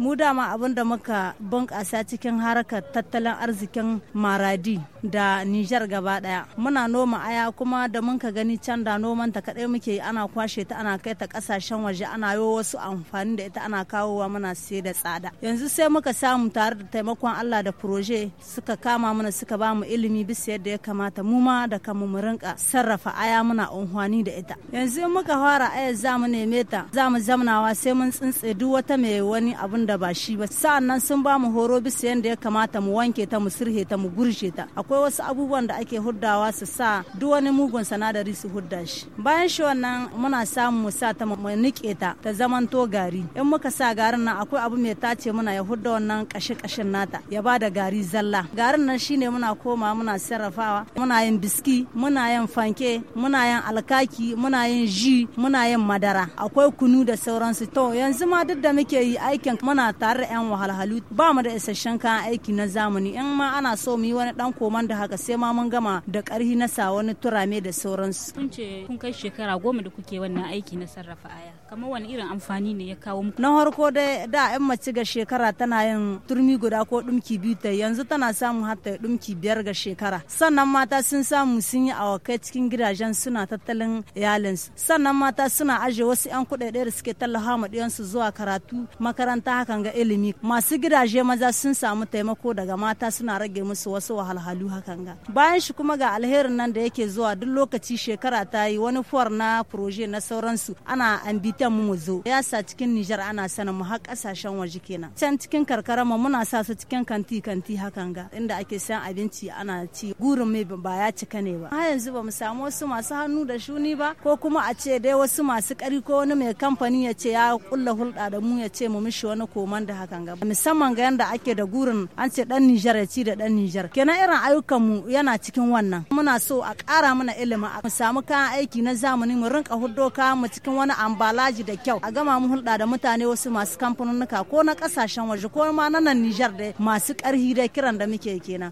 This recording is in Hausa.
mu dama abin da muka bunƙasa cikin harkar tattalin arzikin maradi da Nijar gaba daya muna noma aya kuma da mun ka gani can da noman ta kadai muke ana kwashe ta ana kai ta kasashen waje ana yi wasu amfani da ita ana kawowa muna sai da tsada yanzu sai muka samu tare da taimakon Allah da proje suka kama mana suka ba mu ilimi bisa yadda ya kamata mu ma da kanmu mu rinka sarrafa aya muna amfani da ita yanzu in muka fara aya za mu neme ta za mu zamnawa sai mun tsintse duk wata mai wani abun da ba shi ba sa'annan sun ba mu horo bisa yadda ya kamata mu wanke ta mu sirhe ta mu gurshe ta akwai wasu abubuwan da ake huddawa su sa duk wani mugun sanadari su hudda shi bayan shi wannan muna samu mu sa ta mu nike ta ta zamanto gari in muka sa garin nan akwai abu mai tace muna ya hudda wannan kashe kashin nata ya ba da gari zalla garin nan shine muna koma muna sarrafawa muna yin biski muna yin fanke muna yin alkaki muna yin ji muna yin madara akwai kunu da sauransu to yanzu ma duk da muke yi aikin muna tare da yan wahalhalu ba mu da isasshen kayan aiki na zamani in ma ana so mu yi wani dan koma wanda haka sai ma mun gama da karhi na sa wani turame da sauransu kun ce kun kai shekara goma da kuke wannan aiki na sarrafa aya kamar wani irin amfani ne ya kawo muku na harko dai da yan mace ga shekara tana yin turmi guda ko dumki biyu ta yanzu tana samun hatta dumki biyar ga shekara sannan mata sun samu sun yi awakai cikin gidajen suna tattalin iyalinsu sannan mata suna aje wasu yan kuɗaɗe da suke tallafa ma su zuwa karatu makaranta hakan ga ilimi masu gidaje maza sun samu taimako daga mata suna rage musu wasu wahalhalu hakan ga bayan shi kuma ga alherin nan da yake zuwa duk lokaci shekara ta yi wani for na proje na sauransu ana ambitan mu zo ya sa cikin Nijar ana sanin mu har kasashen waje kenan can cikin karkara mu muna sa su cikin kanti kanti hakan ga inda ake san abinci ana ci gurin mai ba ya cika ne ba har yanzu ba mu samu wasu masu hannu da shuni ba ko kuma a ce dai wasu masu kari ko wani mai kamfani ya ce ya kulla hulɗa da mu ya ce mu mishi wani koman da hakan ga musamman ga yanda ake da gurin an ce dan Nijar ya ci da dan Nijar kenan irin ayu ɗaukanmu yana cikin wannan muna so a ƙara mana ilimi a samu kayan aiki na zamani mu rinka hudo mu cikin wani ambalaji da kyau a gama mu hulɗa da mutane wasu masu kamfanunuka ko na ƙasashen waje ko ma na nan Nijar da masu ƙarhi da kiran da muke kenan